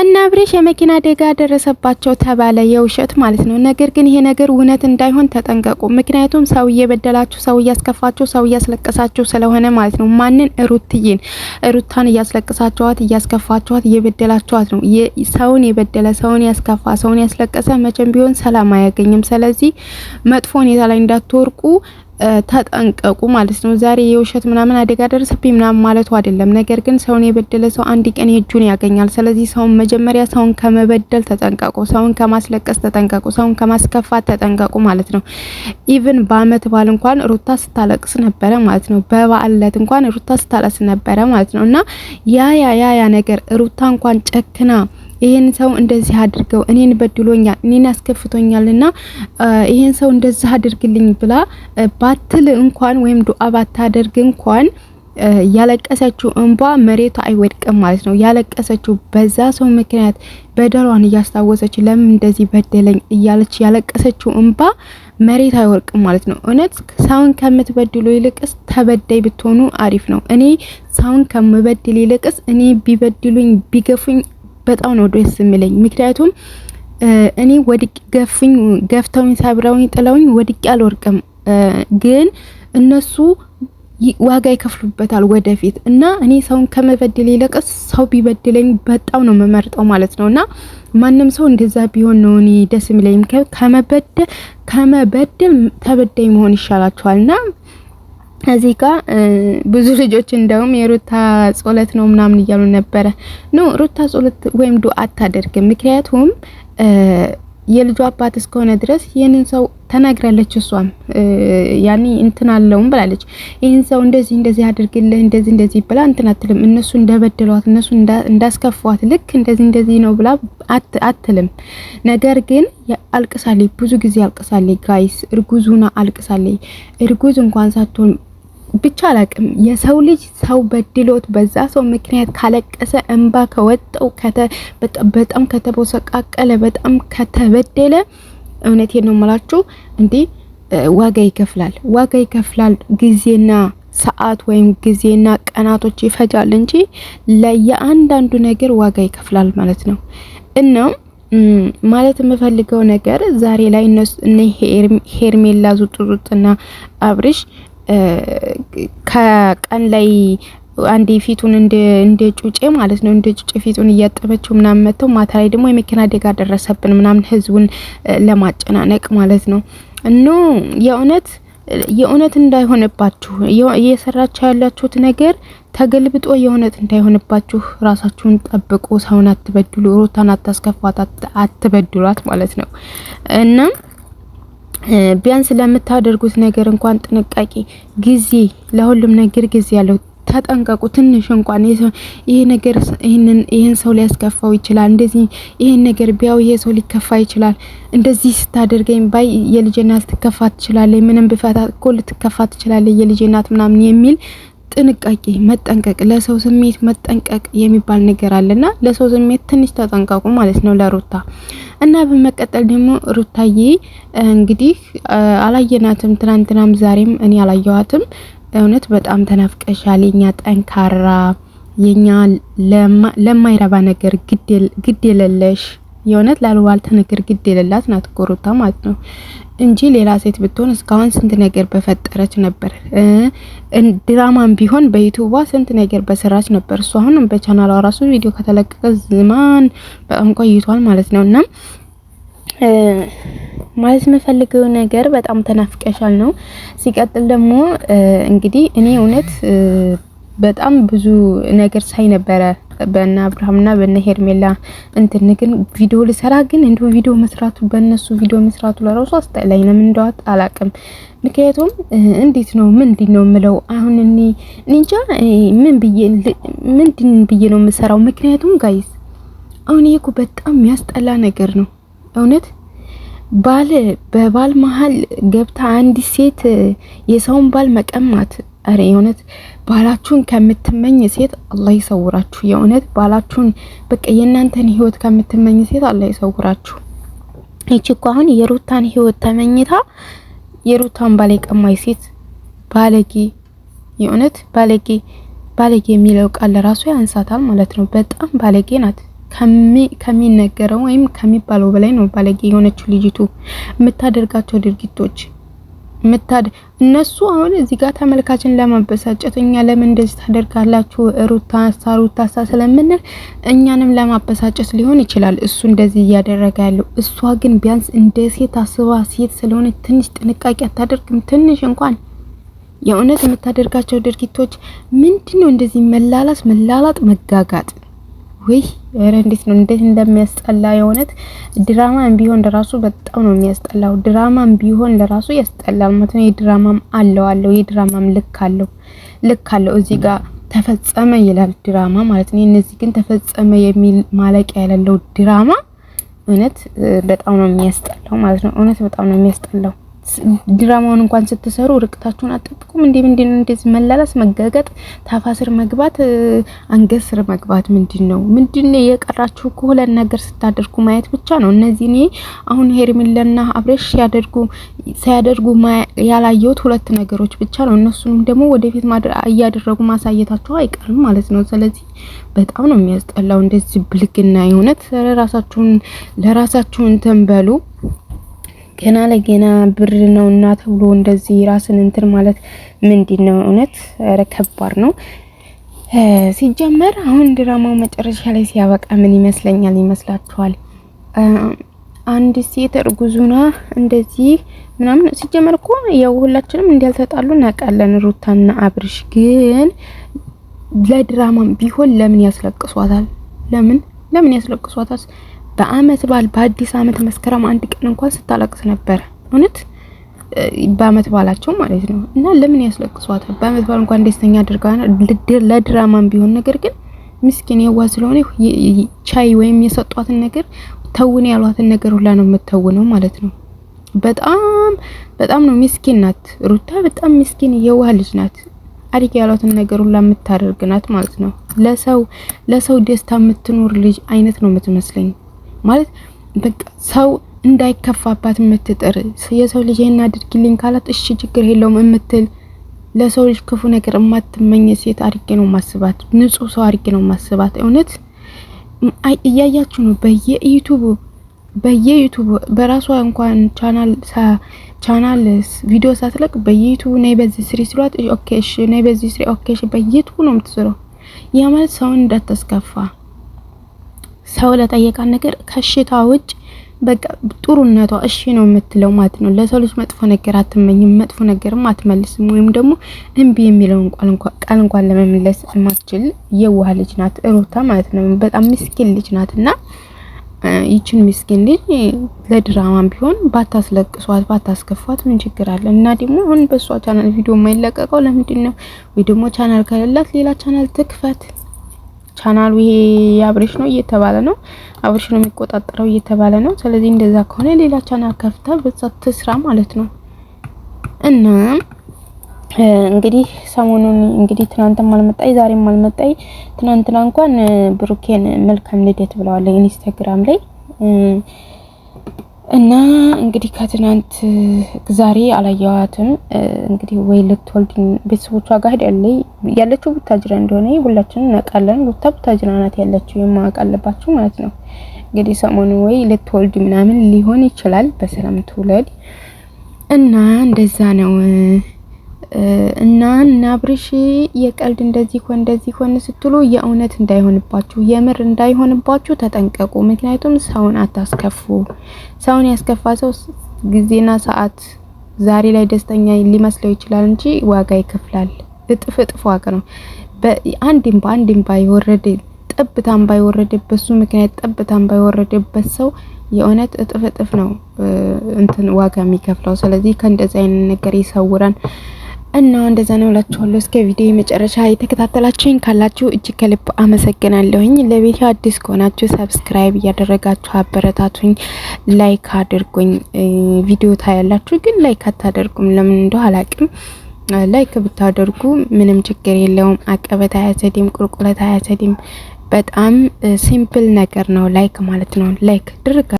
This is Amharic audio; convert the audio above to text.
እና አብሬሽ የመኪና አደጋ ደረሰባቸው ተባለ፣ የውሸት ማለት ነው። ነገር ግን ይሄ ነገር እውነት እንዳይሆን ተጠንቀቁ። ምክንያቱም ሰው እየበደላችሁ፣ ሰው እያስከፋችሁ፣ ሰው እያስለቀሳችሁ ስለሆነ ማለት ነው። ማንን? ሩትዬን። ሩታን እያስለቀሳችኋት፣ እያስከፋችኋት፣ እየበደላችኋት ነው። ሰውን የበደለ ሰውን ያስከፋ ሰውን ያስለቀሰ መቼም ቢሆን ሰላም አያገኝም። ስለዚህ መጥፎ ሁኔታ ላይ እንዳትወርቁ ተጠንቀቁ ማለት ነው። ዛሬ የውሸት ምናምን አደጋ ደረሰብኝ ምናምን ማለቱ አይደለም። ነገር ግን ሰውን የበደለ ሰው አንድ ቀን እጁን ያገኛል። ስለዚህ ሰውን መጀመሪያ ሰውን ከመበደል ተጠንቀቁ፣ ሰውን ከማስለቀስ ተጠንቀቁ፣ ሰውን ከማስከፋት ተጠንቀቁ ማለት ነው። ኢቭን በአመት በዓል እንኳን ሩታ ስታለቅስ ነበረ ማለት ነው። በበዓል ዕለት እንኳን ሩታ ስታለቅስ ነበረ ማለት ነው። እና ያ ያ ያ ያ ነገር ሩታ እንኳን ጨክና ይህን ሰው እንደዚህ አድርገው እኔን በድሎኛል፣ እኔን አስከፍቶኛልና ይህን ሰው እንደዚህ አድርግልኝ ብላ ባትል እንኳን ወይም ዱአ ባታደርግ እንኳን ያለቀሰችው እንባ መሬቷ አይወድቅም ማለት ነው። ያለቀሰችው በዛ ሰው ምክንያት በደሏን እያስታወሰች ለምን እንደዚህ በደለኝ እያለች ያለቀሰችው እንባ መሬት አይወርቅም ማለት ነው። እውነት ሰውን ከምትበድሉ ይልቅስ ተበዳይ ብትሆኑ አሪፍ ነው። እኔ ሰውን ከምበድል ይልቅስ እኔ ቢበድሉኝ ቢገፉኝ በጣም ነው ደስ የሚለኝ። ምክንያቱም እኔ ወድቅ ገፍኝ ገፍተውኝ ሰብረውኝ ጥለውኝ ወድቅ አልወርቅም፣ ግን እነሱ ዋጋ ይከፍሉበታል ወደፊት እና እኔ ሰውን ከመበደል ይልቅ ሰው ቢበድለኝ በጣም ነው የምመርጠው ማለት ነው። እና ማንም ሰው እንደዛ ቢሆን ነው እኔ ደስ የሚለኝ። ከመበደል ከመበደል ተበዳይ መሆን ይሻላቸዋል እና እዚህ ጋር ብዙ ልጆች እንደውም የሩታ ጸሎት ነው ምናምን እያሉ ነበረ። ኖ ሩታ ጸሎት ወይም ዱአ አታደርግም። ምክንያቱም የልጁ አባት እስከሆነ ድረስ ይህንን ሰው ተናግራለች። እሷም ያኔ እንትን አለውም ብላለች። ይህን ሰው እንደዚህ እንደዚህ አድርግልህ እንደዚህ እንደዚህ ብላ እንትን አትልም። እነሱ እንደበደሏት እነሱ እንዳስከፏት ልክ እንደዚህ እንደዚህ ነው ብላ አትልም። ነገር ግን አልቅሳለች፣ ብዙ ጊዜ አልቅሳለች። ጋይስ እርጉዙና አልቅሳለች። እርጉዝ እንኳን ሳትሆን ብቻ አላቅም። የሰው ልጅ ሰው በድሎት በዛ ሰው ምክንያት ካለቀሰ እንባ ከወጣው በጣም ከተቦሰቃቀለ በጣም ከተበደለ እውነቴ ነው የምላችሁ እንዲህ ዋጋ ይከፍላል። ዋጋ ይከፍላል። ጊዜና ሰዓት ወይም ጊዜና ቀናቶች ይፈጃል እንጂ ለየአንዳንዱ ነገር ዋጋ ይከፍላል ማለት ነው እና ማለት የምፈልገው ነገር ዛሬ ላይ እነ ሄርሜላ ዙጥ ዙጥና አብርሽ ከቀን ላይ አንዴ ፊቱን እንደ ጩጬ ማለት ነው እንደ ጩጬ ፊቱን እያጠበችው ምናምን መጥተው ማታ ላይ ደግሞ የመኪና አደጋ ደረሰብን ምናምን ህዝቡን ለማጨናነቅ ማለት ነው። እኖ የእውነት የእውነት እንዳይሆንባችሁ እየሰራችሁ ያላችሁት ነገር ተገልብጦ የእውነት እንዳይሆንባችሁ ራሳችሁን ጠብቁ። ሰውን አትበድሉ። ሩታን አታስከፏት፣ አትበድሏት ማለት ነው እና ቢያንስ ለምታደርጉት ነገር እንኳን ጥንቃቄ፣ ጊዜ ለሁሉም ነገር ጊዜ ያለው ተጠንቀቁ። ትንሽ እንኳን ይሄ ነገር ይሄንን ይሄን ሰው ሊያስከፋው ይችላል፣ እንደዚህ ይሄን ነገር ቢያው ይሄ ሰው ሊከፋ ይችላል፣ እንደዚህ ስታደርገኝ ባይ የልጅናት እናት ትችላለ ምንም ብፈታ እኮ ልትከፋ ትችላለች ምናምን የሚል ጥንቃቄ መጠንቀቅ፣ ለሰው ስሜት መጠንቀቅ የሚባል ነገር አለና ለሰው ስሜት ትንሽ ተጠንቀቁ ማለት ነው ለሩታ እና በመቀጠል ደግሞ ሩታዬ እንግዲህ አላየናትም፣ ትናንትናም ዛሬም እኔ አላየዋትም። እውነት በጣም ተናፍቀሻል፣ የኛ ጠንካራ፣ የኛ ለማይረባ ነገር ግድ የለለሽ የእውነት ላልባልተ ነገር ግድ የሌላት ናት ሩታ ማለት ነው እንጂ ሌላ ሴት ብትሆን እስካሁን ስንት ነገር በፈጠረች ነበር። ድራማም ቢሆን በዩቱባ ስንት ነገር በሰራች ነበር። እሱ አሁንም በቻናሏ ራሱ ቪዲዮ ከተለቀቀ ዝማን በጣም ቆይቷል ማለት ነው እና ማለት የምፈልገው ነገር በጣም ተናፍቀሻል ነው። ሲቀጥል ደግሞ እንግዲህ እኔ እውነት በጣም ብዙ ነገር ሳይ ነበረ በነ አብርሃምና በነ ሄርሜላ እንትን ግን ቪዲዮ ልሰራ ግን እንዲሁ ቪዲዮ መስራቱ በእነሱ ቪዲዮ መስራቱ ለራሱ አስጠላኝ። ለምን እንደዋት አላቅም። ምክንያቱም እንዴት ነው ምንድን ነው የምለው አሁን እኔ እንጃ ምን ብዬ ምንድን ብዬ ነው የምሰራው? ምክንያቱም ጋይስ አሁን ይሄ እኮ በጣም የሚያስጠላ ነገር ነው እውነት ባል በባል መሀል ገብታ አንዲት ሴት የሰውን ባል መቀማት እኔ የእውነት ባላችሁን ከምትመኝ ሴት አላህ ይሰውራችሁ። የእውነት ባላችሁን በቃ የእናንተን ህይወት ከምትመኝ ሴት አላህ ይሰውራችሁ። ይቺ እኮ አሁን የሩታን ህይወት ተመኝታ የሩታን ባሌ ቀማይ ሴት ባለጌ፣ የእውነት ባለጌ ባለጌ የሚለው ቃል ራሱ ያንሳታል ማለት ነው። በጣም ባለጌ ናት። ከሚነገረው ወይም ከሚባለው በላይ ነው ባለጌ የሆነችው ልጅቱ የምታደርጋቸው ድርጊቶች ምታድ እነሱ አሁን እዚህ ጋር ተመልካችን ለማበሳጨት እኛ ለምን እንደዚህ ታደርጋላችሁ ሩታ ሳ ሩታ ሳ ስለምንል እኛንም ለማበሳጨት ሊሆን ይችላል እሱ እንደዚህ እያደረገ ያለው። እሷ ግን ቢያንስ እንደ ሴት አስባ ሴት ስለሆነ ትንሽ ጥንቃቄ አታደርግም? ትንሽ እንኳን የእውነት የምታደርጋቸው ድርጊቶች ምንድን ነው? እንደዚህ መላላስ፣ መላላጥ፣ መጋጋጥ ውይ ረ እንዴት ነው እንዴት እንደሚያስጠላ የእውነት ድራማም ቢሆን ለራሱ በጣም ነው የሚያስጠላው። ድራማም ቢሆን ለራሱ ያስጠላል ማለት ነው። የድራማም አለው አለው የድራማም ልክ አለው ልክ አለው። እዚህ ጋር ተፈጸመ ይላል ድራማ ማለት ነው። እነዚህ ግን ተፈጸመ የሚል ማለቂያ ያለለው ድራማ እውነት በጣም ነው የሚያስጠላው ማለት ነው። እውነት በጣም ነው የሚያስጠላው። ድራማውን እንኳን ስትሰሩ ርቀታችሁን አጠብቁም። እንዴ ምንድነው እንደዚህ መላላስ፣ መጋገጥ፣ ታፋስር መግባት፣ አንገት ስር መግባት ምንድን ነው የቀራችሁ? ሁለት ነገር ስታደርጉ ማየት ብቻ ነው። እነዚህ እኔ አሁን ሄርሜላና አብሬሽ ያደርጉ ሳያደርጉ ያላየሁት ሁለት ነገሮች ብቻ ነው። እነሱንም ደግሞ ወደፊት እያደረጉ ማሳየታቸው አይቀርም ማለት ነው። ስለዚህ በጣም ነው የሚያስጠላው እንደዚህ ብልግና የሆነት ለራሳችሁን ለራሳችሁን ተንበሉ። ገና ለገና ብር ነው እና ተብሎ እንደዚህ ራስን እንትን ማለት ምንድን ነው? እውነት ኧረ ከባድ ነው። ሲጀመር አሁን ድራማው መጨረሻ ላይ ሲያበቃ ምን ይመስለኛል ይመስላችኋል? አንድ ሴት እርጉዙና እንደዚህ ምናምን ሲጀመር እኮ ያው ሁላችንም እንዲያልተጣሉ እናውቃለን። ሩታና አብርሽ ግን ለድራማም ቢሆን ለምን ያስለቅሷታል? ለምን ለምን ያስለቅሷታል? በአመት በዓል በአዲስ አመት መስከረም አንድ ቀን እንኳን ስታለቅስ ነበር እውነት በአመት በዓላቸው ማለት ነው። እና ለምን ያስለቅሷታል? በአመት በዓል እንኳን ደስተኛ አድርጋ ለድራማም ቢሆን ነገር ግን ምስኪን የዋ ስለሆነ ቻይ ወይም የሰጧትን ነገር ተውን ያሏትን ነገር ሁላ ነው የምትተውነው ማለት ነው። በጣም በጣም ነው ምስኪን ናት ሩታ። በጣም ምስኪን የዋህ ልጅ ናት። አሪክ ያሏትን ነገር ሁላ የምታደርግ ናት ማለት ነው። ለሰው ለሰው ደስታ የምትኖር ልጅ አይነት ነው የምትመስለኝ። ማለት በቃ ሰው እንዳይከፋባት የምትጥር የሰው ልጅ ይሄን አድርግልኝ ካላት እሺ ችግር የለውም የምትል ለሰው ልጅ ክፉ ነገር የማትመኝ ሴት አድርጌ ነው ማስባት። ንጹህ ሰው አድርጌ ነው ማስባት። እውነት እያያችሁ ነው በየዩቱቡ በየዩቱቡ በራሷ እንኳን ቻናል ቻናል ቪዲዮ ሳትለቅ በየዩቱቡ ነይ በዚህ ስሪ ስሏት፣ ኦኬ እሺ ነይ በዚህ ስሪ ኦኬ እሺ በየቱ ነው የምትስረው። ያ ማለት ሰውን እንዳታስከፋ ሰው ለጠየቃት ነገር ከሽታ ውጭ በቃ ጥሩነቷ እሺ ነው የምትለው ማለት ነው። ለሰው ልጅ መጥፎ ነገር አትመኝም፣ መጥፎ ነገርም አትመልስም። ወይም ደግሞ እምቢ የሚለውን ቃል እንኳን ለመመለስ የማትችል የዋህ ልጅ ናት ሩታ ማለት ነው። በጣም ምስኪን ልጅ ናት እና ይችን ምስኪን ልጅ ለድራማም ቢሆን ባታስለቅሷት ባታስከፏት ምን ችግር አለ? እና ደግሞ አሁን በእሷ ቻናል ቪዲዮ የማይለቀቀው ለምንድን ነው? ወይ ደግሞ ቻናል ከሌላት ሌላ ቻናል ትክፈት። ቻናሉ ይሄ አብሬሽ ነው እየተባለ ነው፣ አብሬሽ ነው የሚቆጣጠረው እየተባለ ነው። ስለዚህ እንደዛ ከሆነ ሌላ ቻናል ከፍታ በዛ ትስራ ማለት ነው። እና እንግዲህ ሰሞኑን እንግዲህ ትናንትም አልመጣይ ዛሬም አልመጣይ። ትናንትና እንኳን ብሩኬን መልካም ልደት ብለዋል ኢንስታግራም ላይ እና እንግዲህ ከትናንት ዛሬ አላየዋትም። እንግዲህ ወይ ልትወልድ ቤተሰቦቿ ጋር ሄዳለች። ያለችው ቡታጅራ እንደሆነ ሁላችንም እናውቃለን። ቡታ ቡታጅራ ናት ያለችው፣ የማወቅ አለባችሁ ማለት ነው። እንግዲህ ሰሞኑ ወይ ልትወልድ ምናምን ሊሆን ይችላል። በሰላም ትውለድ እና እንደዛ ነው። እና እና አብርሽ የቀልድ እንደዚህ ሆን እንደዚህ ሆን ስትሉ የእውነት እንዳይሆንባችሁ የምር እንዳይሆንባችሁ ተጠንቀቁ። ምክንያቱም ሰውን አታስከፉ። ሰውን ያስከፋ ሰው ጊዜና ሰዓት ዛሬ ላይ ደስተኛ ሊመስለው ይችላል እንጂ ዋጋ ይከፍላል። እጥፍ እጥፍ ዋጋ ነው። አንድም በአንድም ባይወረድ ጠብታም ባይወረድበት በሱ ምክንያት ጠብታም ባይወረድበት ሰው የእውነት እጥፍ እጥፍ ነው እንትን ዋጋ የሚከፍለው። ስለዚህ ከእንደዚህ አይነት ነገር ይሰውራን። እና እንደዛ ነው እላችኋለሁ። እስከ ቪዲዮ መጨረሻ የተከታተላችሁኝ ካላችሁ እጅግ ከልብ አመሰግናለሁኝ። ለቤት አዲስ ከሆናችሁ ሰብስክራይብ እያደረጋችሁ አበረታቱኝ። ላይክ አድርጉኝ። ቪዲዮ ታያላችሁ፣ ግን ላይክ አታደርጉም። ለምን እንደው አላቅም። ላይክ ብታደርጉ ምንም ችግር የለውም። አቀበት አያሰድም፣ ቁልቁለት አያሰድም። በጣም ሲምፕል ነገር ነው ላይክ ማለት ነው። ላይክ ድርጋ